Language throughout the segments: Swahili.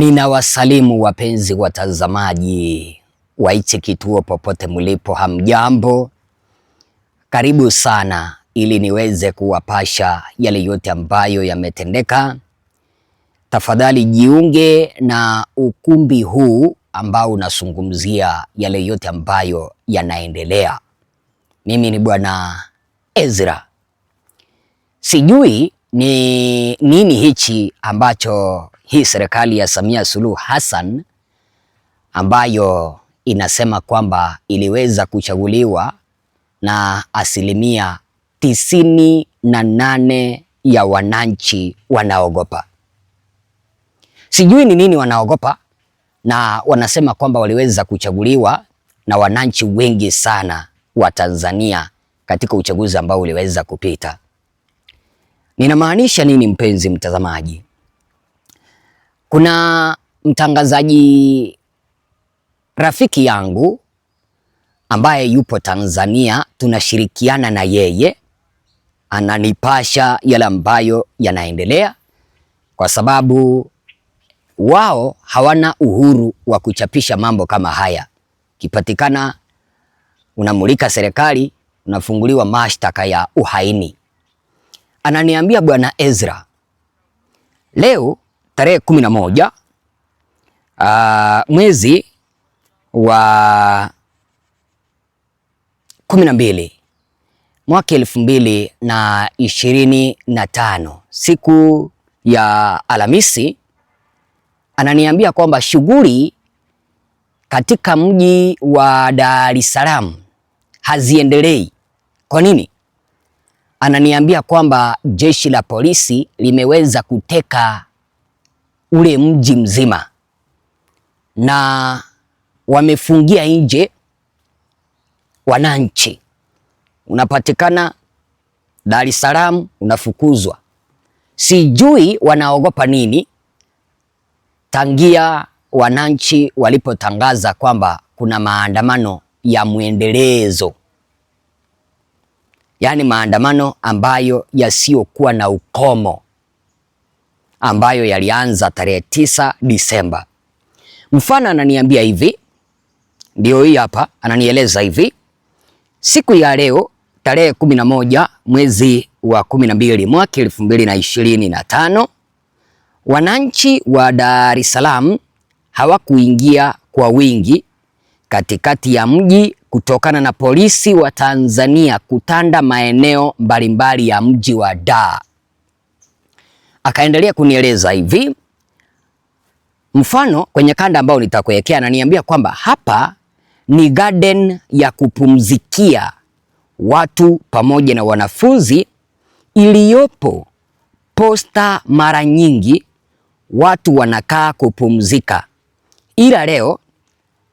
Ninawasalimu wapenzi watazamaji wa hichi kituo popote mlipo, hamjambo? Karibu sana ili niweze kuwapasha yale yote ambayo yametendeka. Tafadhali jiunge na ukumbi huu ambao unazungumzia yale yote ambayo yanaendelea. Mimi ni Bwana Ezra. Sijui ni nini hichi ambacho hii serikali ya Samia Suluhu Hassan ambayo inasema kwamba iliweza kuchaguliwa na asilimia tisini na nane ya wananchi wanaogopa. Sijui ni nini wanaogopa, na wanasema kwamba waliweza kuchaguliwa na wananchi wengi sana wa Tanzania katika uchaguzi ambao uliweza kupita. Ninamaanisha nini mpenzi mtazamaji? Kuna mtangazaji rafiki yangu ambaye yupo Tanzania, tunashirikiana na yeye, ananipasha yale ambayo yanaendelea, kwa sababu wao hawana uhuru wa kuchapisha mambo kama haya. Kipatikana unamulika serikali, unafunguliwa mashtaka ya uhaini ananiambia Bwana Ezra, leo tarehe kumi na moja uh, mwezi wa kumi na mbili mwaka elfu mbili na ishirini na tano siku ya Alhamisi, ananiambia kwamba shughuli katika mji wa Dar es Salaam haziendelei. Kwa nini? ananiambia kwamba jeshi la polisi limeweza kuteka ule mji mzima na wamefungia nje wananchi. Unapatikana Dar es Salaam, unafukuzwa. Sijui wanaogopa nini, tangia wananchi walipotangaza kwamba kuna maandamano ya mwendelezo yaani maandamano ambayo yasiyokuwa na ukomo ambayo yalianza tarehe tisa Disemba. Mfano ananiambia hivi, ndio hii hapa, ananieleza hivi, siku ya leo tarehe kumi na moja mwezi wa kumi na mbili mwaka elfu mbili na ishirini na tano wananchi wa Dar es Salaam hawakuingia kwa wingi katikati ya mji kutokana na polisi wa Tanzania kutanda maeneo mbalimbali ya mji wa Dar. Akaendelea kunieleza hivi, mfano kwenye kanda ambayo nitakuwekea, ananiambia kwamba hapa ni garden ya kupumzikia watu pamoja na wanafunzi iliyopo Posta. Mara nyingi watu wanakaa kupumzika, ila leo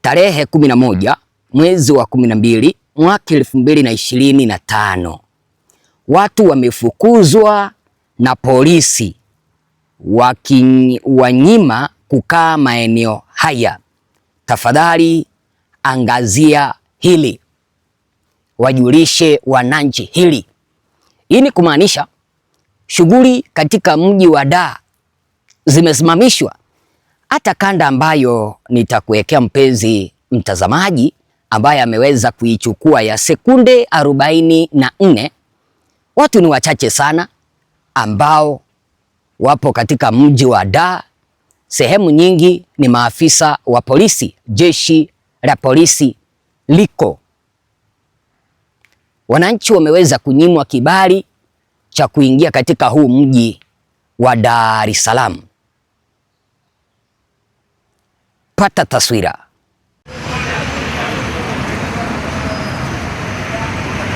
tarehe kumi na moja mwezi wa kumi na mbili mwaka elfu mbili na ishirini na tano watu wamefukuzwa na polisi wakiwanyima kukaa maeneo haya. Tafadhali angazia hili, wajulishe wananchi hili. Hii ni kumaanisha shughuli katika mji wa Dar zimesimamishwa. Hata kanda ambayo nitakuwekea mpenzi mtazamaji, ambaye ameweza kuichukua ya sekunde arobaini na nne. Watu ni wachache sana ambao wapo katika mji wa Dar. Sehemu nyingi ni maafisa wa polisi. Jeshi la polisi liko. Wananchi wameweza kunyimwa kibali cha kuingia katika huu mji wa Dar es Salaam. Pata taswira.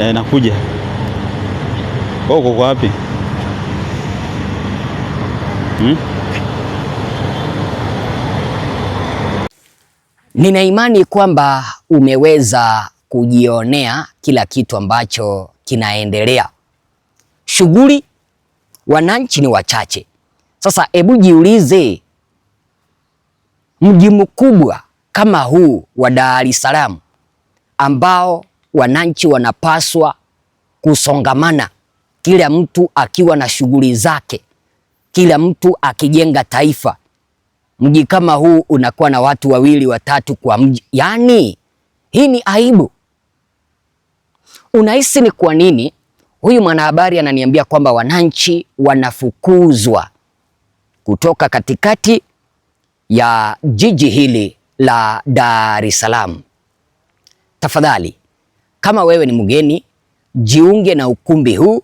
E, nakuja. Wewe oh, uko wapi? Hmm? Nina imani kwamba umeweza kujionea kila kitu ambacho kinaendelea. Shughuli wananchi ni wachache. Sasa hebu jiulize, mji mkubwa kama huu wa Dar es Salaam ambao wananchi wanapaswa kusongamana, kila mtu akiwa na shughuli zake, kila mtu akijenga taifa. Mji kama huu unakuwa na watu wawili watatu kwa mji, yaani hii ni aibu. Unahisi ni kwa nini huyu mwanahabari ananiambia kwamba wananchi wanafukuzwa kutoka katikati ya jiji hili la Dar es Salaam? Tafadhali kama wewe ni mgeni, jiunge na ukumbi huu,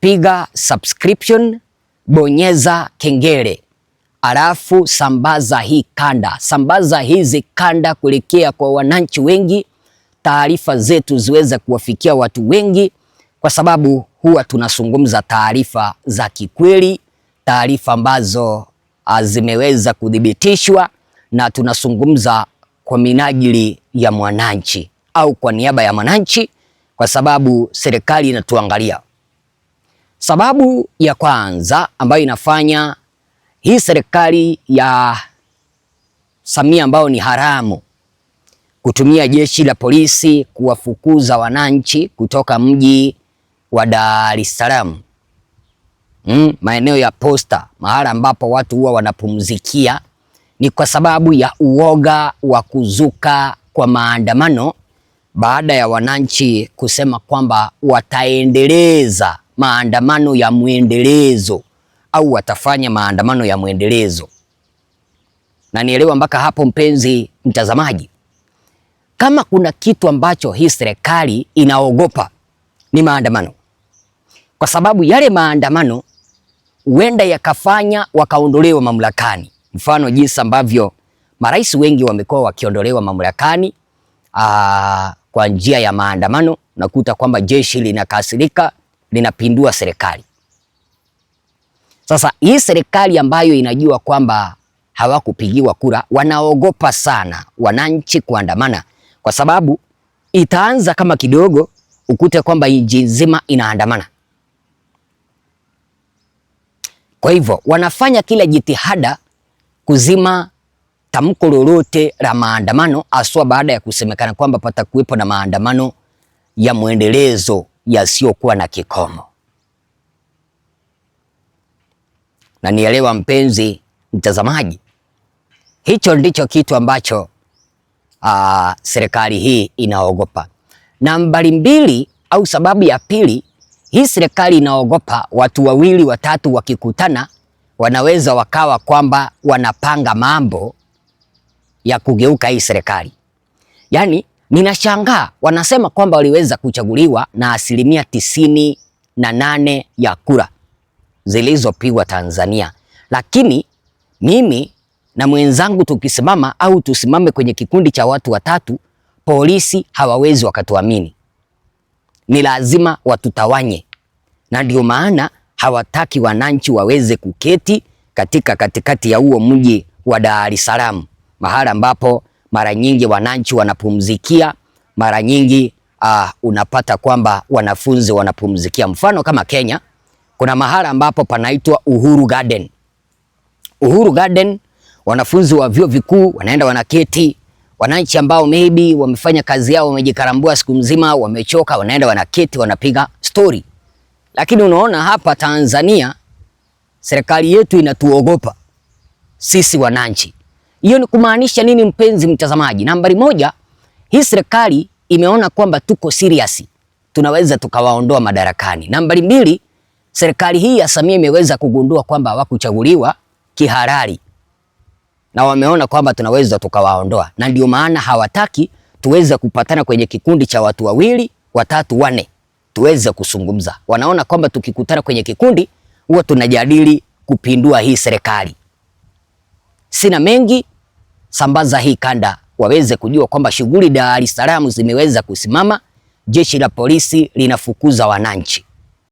piga subscription, bonyeza kengele, alafu sambaza hii kanda, sambaza hizi kanda kuelekea kwa wananchi wengi, taarifa zetu ziweze kuwafikia watu wengi, kwa sababu huwa tunazungumza taarifa za kikweli, taarifa ambazo ah, zimeweza kudhibitishwa na tunazungumza kwa minajili ya mwananchi au kwa niaba ya mwananchi kwa sababu serikali inatuangalia. Sababu ya kwanza ambayo inafanya hii serikali ya Samia ambayo ni haramu kutumia jeshi la polisi kuwafukuza wananchi kutoka mji wa Dar es Salaam mm, maeneo ya posta, mahala ambapo watu huwa wanapumzikia, ni kwa sababu ya uoga wa kuzuka kwa maandamano baada ya wananchi kusema kwamba wataendeleza maandamano ya mwendelezo au watafanya maandamano ya mwendelezo. Na nielewa mpaka hapo, mpenzi mtazamaji, kama kuna kitu ambacho hii serikali inaogopa ni maandamano, kwa sababu yale maandamano huenda yakafanya wakaondolewa mamlakani, mfano jinsi ambavyo marais wengi wamekuwa wakiondolewa mamlakani aa, kwa njia ya maandamano, unakuta kwamba jeshi linakasirika, linapindua serikali. Sasa hii serikali ambayo inajua kwamba hawakupigiwa kura, wanaogopa sana wananchi kuandamana, kwa sababu itaanza kama kidogo, ukute kwamba nchi nzima inaandamana. Kwa hivyo wanafanya kila jitihada kuzima tamko lolote la maandamano, haswa baada ya kusemekana kwamba patakuwepo na maandamano ya mwendelezo yasiyokuwa na kikomo. Na nielewa mpenzi mtazamaji, hicho ndicho kitu ambacho uh, serikali hii inaogopa. Na mbali mbili au sababu ya pili, hii serikali inaogopa watu wawili watatu wakikutana, wanaweza wakawa kwamba wanapanga mambo ya kugeuka hii serikali. Yaani ninashangaa wanasema kwamba waliweza kuchaguliwa na asilimia tisini na nane ya kura zilizopigwa Tanzania, lakini mimi na mwenzangu tukisimama au tusimame kwenye kikundi cha watu watatu, polisi hawawezi wakatuamini, ni lazima watutawanye, na ndio maana hawataki wananchi waweze kuketi katika katikati ya huo mji wa Dar es Salaam mahali ambapo mara nyingi wananchi wanapumzikia, mara nyingi uh, unapata kwamba wanafunzi wanapumzikia. Mfano kama Kenya kuna mahali ambapo panaitwa Uhuru Garden. Uhuru Garden, wanafunzi wa vyuo vikuu wanaenda wanaketi, wananchi ambao maybe wamefanya kazi yao, wamejikarambua siku nzima, wamechoka, wanaenda wanaketi, wanapiga story. Lakini unaona hapa Tanzania serikali yetu inatuogopa sisi wananchi. Hiyo ni kumaanisha nini, mpenzi mtazamaji? Nambari moja, hii serikali imeona kwamba tuko serious, tunaweza tukawaondoa madarakani. Nambari mbili, serikali hii ya Samia imeweza kugundua kwamba hawakuchaguliwa kihalali na wameona kwamba tunaweza tukawaondoa, na ndio maana hawataki tuweze kupatana kwenye kikundi cha watu wawili watatu wane tuweze kusungumza. Wanaona kwamba tukikutana kwenye kikundi huwa tunajadili kupindua hii serikali. Sina mengi, sambaza hii kanda waweze kujua kwamba shughuli Dar es Salaam zimeweza kusimama, jeshi la polisi linafukuza wananchi.